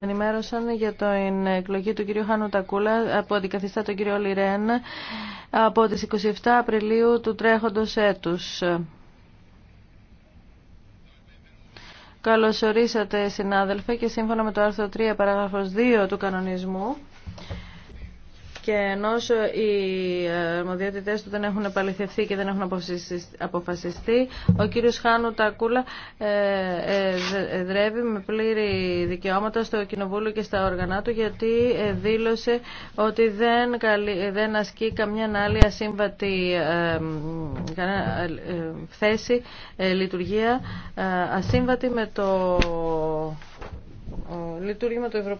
Ενημέρωσαν για την εκλογή του κυρίου Χάνου Τακούλα που αντικαθιστά τον κύριο Λιρέν από τις 27 Απριλίου του τρέχοντος έτους. Καλωσορίσατε, συνάδελφε και σύμφωνα με το άρθρο 3 παράγραφος 2 του κανονισμού και ενώ οι ε, αρμοδιότητες του δεν έχουν επαληθευθεί και δεν έχουν αποφασιστεί, ο κύριος Χάνου Τακούλα ε, ε, δρεύει με πλήρη δικαιώματα στο Κοινοβούλιο και στα όργανα του γιατί δήλωσε ότι δεν, δεν ασκεί καμιά άλλη ασύμβατη θέση, λειτουργία ασύμβατη με το λειτουργήμα του Ευρωπαϊκού